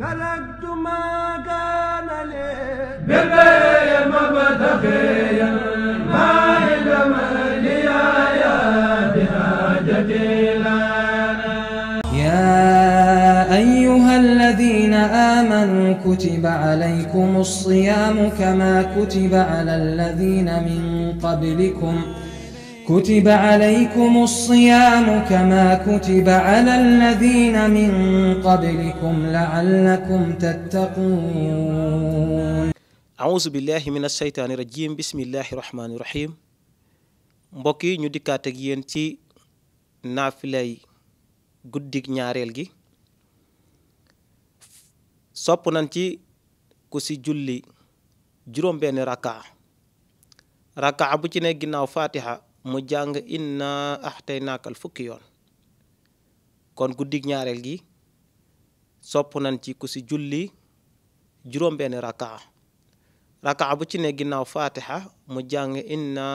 تركت ما كان لي بغير مبتغيا ما علم لي يا بحاجتي يا أيها الذين آمنوا كتب عليكم الصيام كما كتب على الذين من قبلكم ۖ كتب عليكم الصيام كما كتب على الذين من قبلكم لعلكم تتقون أعوذ بالله من الشيطان الرجيم بسم yi ñu dikkaat ak yéen ci nañ ci ku si julli juróom benn rakaa rakaa bu ci ne ginnaaw faatiha mu jàng inna axtaynaakal fukki yoon kon guddig ñaareel gi sopp nañ ci ku si julli juróom benn rakaa rakaa bu ci ne ginnaaw faatixa mu jàng na inna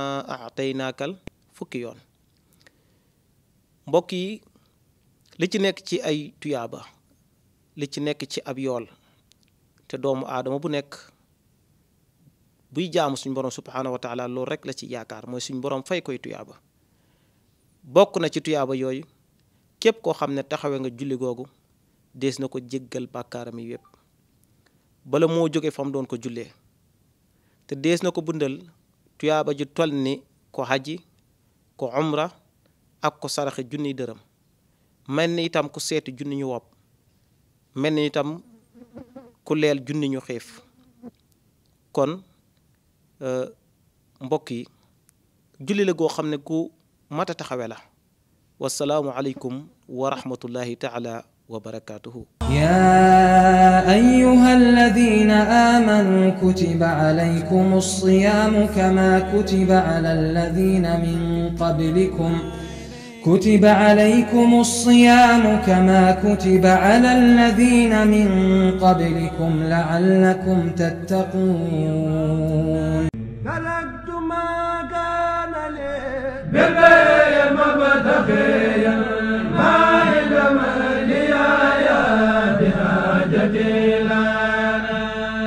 nàkkal fukki yoon mbokk yi li ci nekk ci ay tuyaaba li ci nekk ci ab yool te doomu aadama bu nekk buy jaamu suñ borom subhaanahu wa taala loolu la ci yaakaar mooy suñ borom fay koy tuyaaba bokk na ci tuyaaba yooyu képp koo xam ne taxawee nga julli googu dees na ko jéggal bàkkaaram mi yépp bala moo jóge fa doon ko jullee te dees na ko bundal tuyaaba ju toll ni ko xaji ko umra ak ko saraxe junniy dërëm mel ni itam ku seeti junni ñu wopp mel ni itam ku leel junni ñu xiif kon Euh, mbokk yi julli la goo xam ne ku mat a taxawe la wasalaamu aleykum wa rahmatullahi taala wa barakaatuhu yaa ayyuha alladina aamanu kutiba alaykum alsiyaamu kama kutiba ala alladina min qablikum كتب عليكم الصيام كما كتب على الذين من قبلكم لعلكم تتقون ملكت ما كان لي